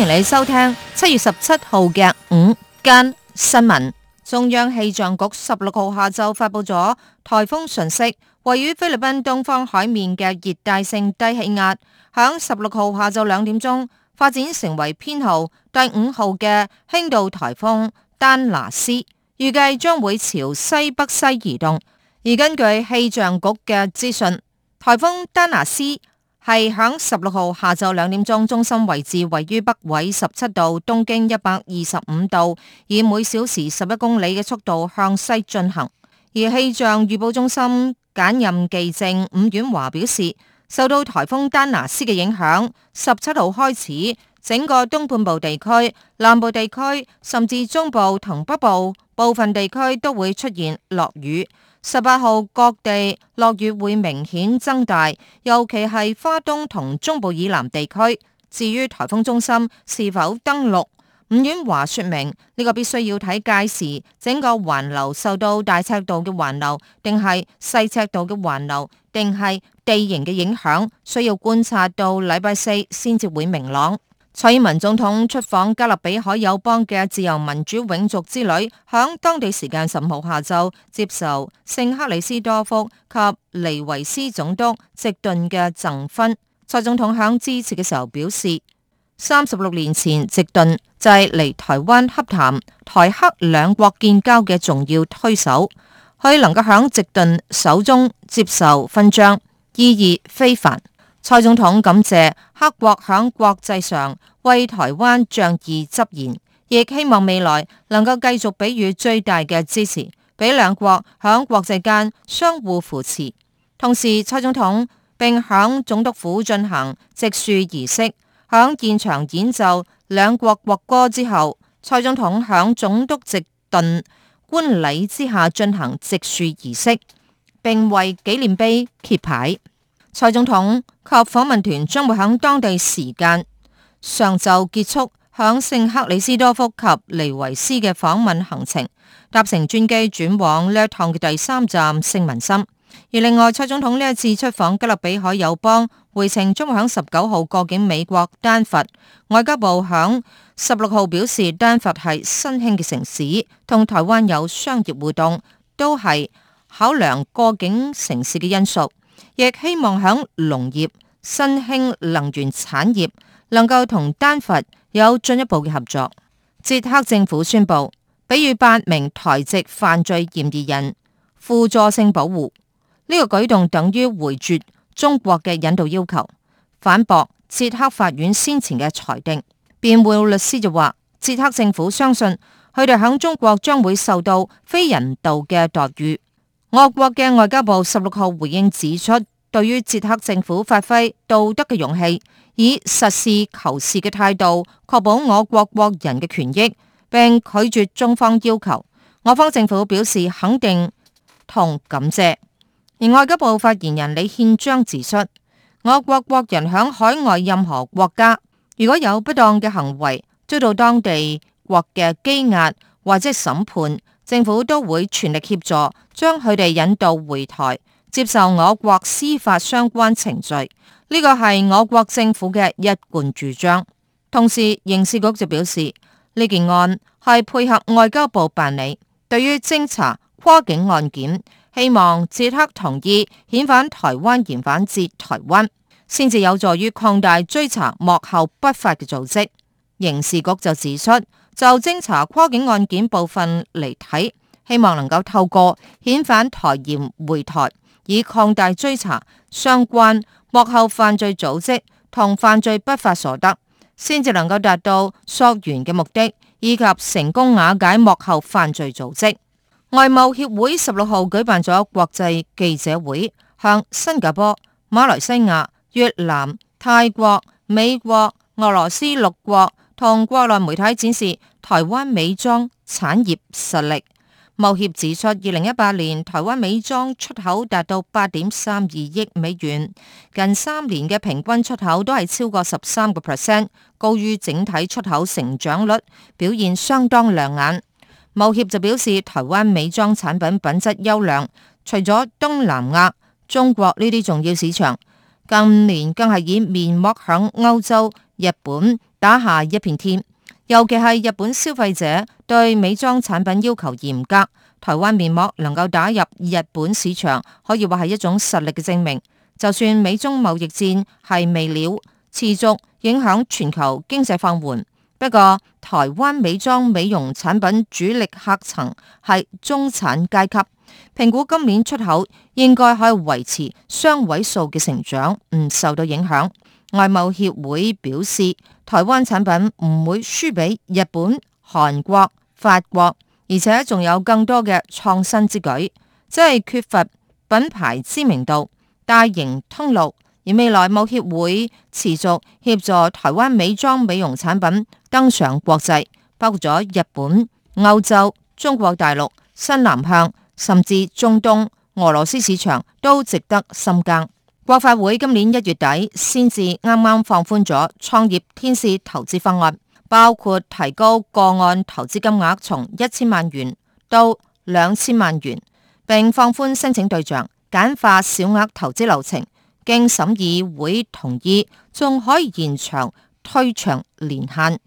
歡迎你收聽七月十七號嘅午間新聞。中央氣象局十六號下晝發布咗颱風訊息，位於菲律賓東方海面嘅熱帶性低氣壓，響十六號下晝兩點鐘發展成為編號第五號嘅輕度颱風丹娜絲，預計將會朝西北西移動。而根據氣象局嘅資訊，颱風丹娜絲，係響十六號下晝兩點鐘，中心位置位於北緯十七度，東經一百二十五度，以每小時十一公里嘅速度向西進行。而氣象預報中心簡任技正伍婉華表示，受到台風丹娜絲嘅影響，十七號開始，整個東半部地區、南部地區甚至中部同北部。部分地區都會出現落雨，十八號各地落雨會明顯增大，尤其係花東同中部以南地區。至於台風中心是否登陸，吳婉華說明呢個必須要睇屆時整個環流受到大尺度嘅環流，定係細尺度嘅環流，定係地形嘅影響，需要觀察到禮拜四先至會明朗。蔡英文總統出訪加勒比海友邦嘅自由民主永續之旅，響當地時間十號下晝接受聖克里斯多福及尼維斯總督直頓嘅贈勳。蔡總統響致辭嘅時候表示，三十六年前直頓就係嚟台灣洽談台克兩國建交嘅重要推手，佢能夠響直頓手中接受勳章，意義非凡。蔡總統感謝克國響國際上為台灣仗義執言，亦希望未來能夠繼續給予最大嘅支持，俾兩國響國際間相互扶持。同時，蔡總統並響總督府進行植樹儀式，響現場演奏兩國國歌之後，蔡總統響總督席頓觀禮之下進行植樹儀式，並為紀念碑揭牌。蔡總統及訪問團將會響當地時間，上晝結束，響聖克里斯多福及尼維斯嘅訪問行程，搭乘專機轉往呢一趟嘅第三站聖文森。而另外，蔡總統呢一次出訪加勒比海友邦，回程將會響十九號過境美國丹佛。外交部響十六號表示，丹佛係新興嘅城市，同台灣有商業互動，都係考量過境城市嘅因素，亦希望響農業。新興能源產業能夠同丹佛有進一步嘅合作。捷克政府宣布，給予八名台籍犯罪嫌疑人輔助性保護，呢、這個舉動等於回絕中國嘅引渡要求，反駁捷克法院先前嘅裁定。辯護律師就話，捷克政府相信佢哋響中國將會受到非人道嘅待遇。俄國嘅外交部十六號回應指出。對於捷克政府發揮道德嘅勇氣，以實事求是嘅態度確保我國國人嘅權益，並拒絕中方要求，我方政府表示肯定同感謝。而外交部發言人李憲章指出，我國國人響海外任何國家，如果有不當嘅行為遭到當地國嘅羈押或者審判，政府都會全力協助將佢哋引渡回台，接受我國司法相關程序，呢個係我國政府嘅一貫主張。同時，刑事局就表示，呢件案係配合外交部辦理。對於偵查跨境案件，希望捷克同意遣返台灣嫌犯至台灣，先至有助於擴大追查幕後不法嘅組織。刑事局就指出，就偵查跨境案件部分嚟睇，希望能夠透過遣返台嫌回台。以擴大追查相關幕後犯罪組織同犯罪不法所得，先至能夠達到溯源嘅目的，以及成功瓦解幕後犯罪組織。外貿協會十六號舉辦咗國際記者會，向新加坡、馬來西亞、越南、泰國、美國、俄羅斯六國同國內媒體展示台灣美妝產業實力。貿協指出，二零一八年台灣美妝出口達到八點三二億美元，近三年嘅平均出口都係超過十三個 percent，高於整體出口成長率，表現相當亮眼。貿協就表示，台灣美妝產品品質優良，除咗東南亞、中國呢啲重要市場，近年更係以面膜響歐洲、日本打下一片天。尤其係日本消費者對美妝產品要求嚴格，台灣面膜能夠打入日本市場，可以話係一種實力嘅證明。就算美中貿易戰係未了，持續影響全球經濟放緩，不過台灣美妝美容產品主力客層係中產階級，評估今年出口應該可以維持雙位數嘅成長，唔受到影響。外貿協會表示，台灣產品唔會輸俾日本、韓國、法國，而且仲有更多嘅創新之舉，即係缺乏品牌知名度、大型通路。而未來貿協會持續協助台灣美妝美容產品登上國際，包括咗日本、歐洲、中國大陸、新南向，甚至中東、俄羅斯市場都值得深耕。國發會，今年一月底先至啱啱放寬咗創業天使投資方案，包括提高個案投資金額從一千萬元到兩千萬元，並放寬申請對象，簡化小額投資流程，經審議會同意，仲可以延長推長年限。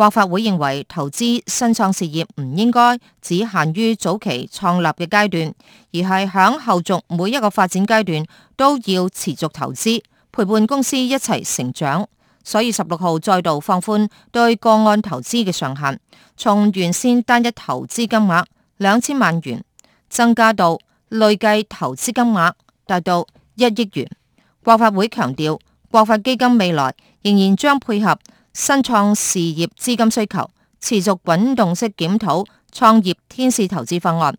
國發會認為，投資新創事業唔應該只限於早期創立嘅階段，而係響後續每一個發展階段都要持續投資，陪伴公司一齊成長。所以十六號再度放寬對個案投資嘅上限，從原先單一投資金額兩千萬元，增加到累計投資金額達到一億元。國發會強調，國發基金未來仍然將配合。新創事業資金需求，持續滾動式檢討創業天使投資方案，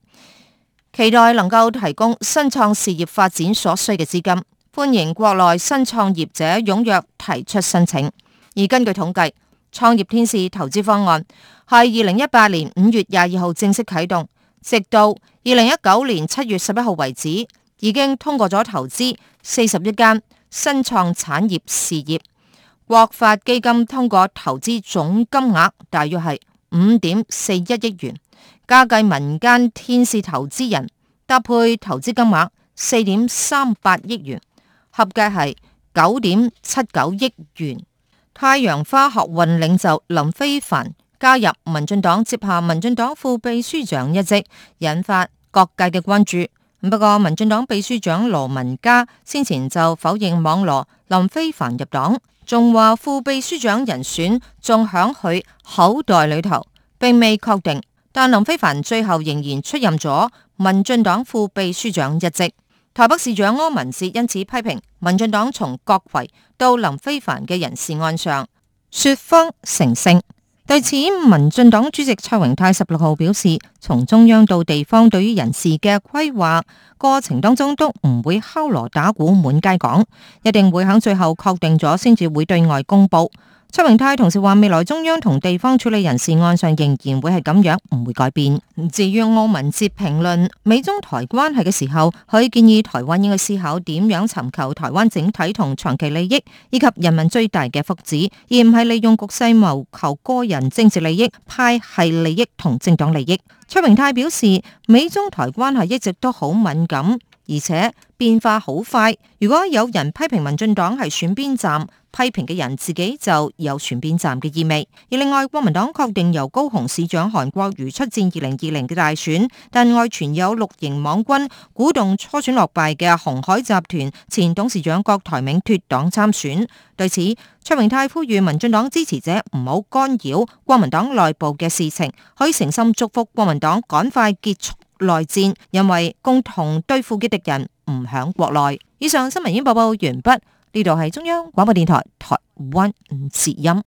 期待能夠提供新創事業發展所需嘅資金，歡迎國內新創業者踴躍提出申請。而根據統計，創業天使投資方案係二零一八年五月廿二號正式啟動，直到二零一九年七月十一號為止，已經通過咗投資四十一間新創產業事業。國發基金通過投資總金額大約係五點四一億元，加計民間天使投資人搭配投資金額四點三八億元，合計係九點七九億元。太陽花學運領袖林飛帆加入民進黨，接下民進黨副秘書長一職，引發各界嘅關注。不過，民進黨秘書長羅文嘉先前就否認網羅林非凡入黨，仲話副秘書長人選仲響佢口袋裏頭，並未確定。但林非凡最後仍然出任咗民進黨副秘書長一職。台北市長柯文哲因此批評民進黨從郭維到林非凡嘅人事案上說謊成性。對此，民進黨主席蔡榮泰十六號表示，從中央到地方對於人事嘅規劃過程當中都唔會敲鑼打鼓滿街講，一定會喺最後確定咗先至會對外公布。卓榮泰同時話，未來中央同地方處理人事案上仍然會係咁樣，唔會改變。至於澳門接評論美中台關係嘅時候，佢建議台灣應該思考點樣尋求台灣整體同長期利益，以及人民最大嘅福祉，而唔係利用局勢謀求，求個人政治利益、派系利益同政黨利益。卓榮泰表示，美中台關係一直都好敏感。而且變化好快，如果有人批評民進黨係選邊站，批評嘅人自己就有選邊站嘅意味。而另外，國民黨確定由高雄市長韓國瑜出戰二零二零嘅大選，但外傳有綠營網軍鼓動初選落敗嘅鴻海集團前董事長郭台銘脫黨參選。對此，卓榮泰呼籲民進黨支持者唔好干擾國民黨內部嘅事情，可以誠心祝福國民黨趕快結束。內戰，因為共同對付嘅敵人唔響國內。以上新聞演播報完畢，呢度係中央廣播電台台灣之音。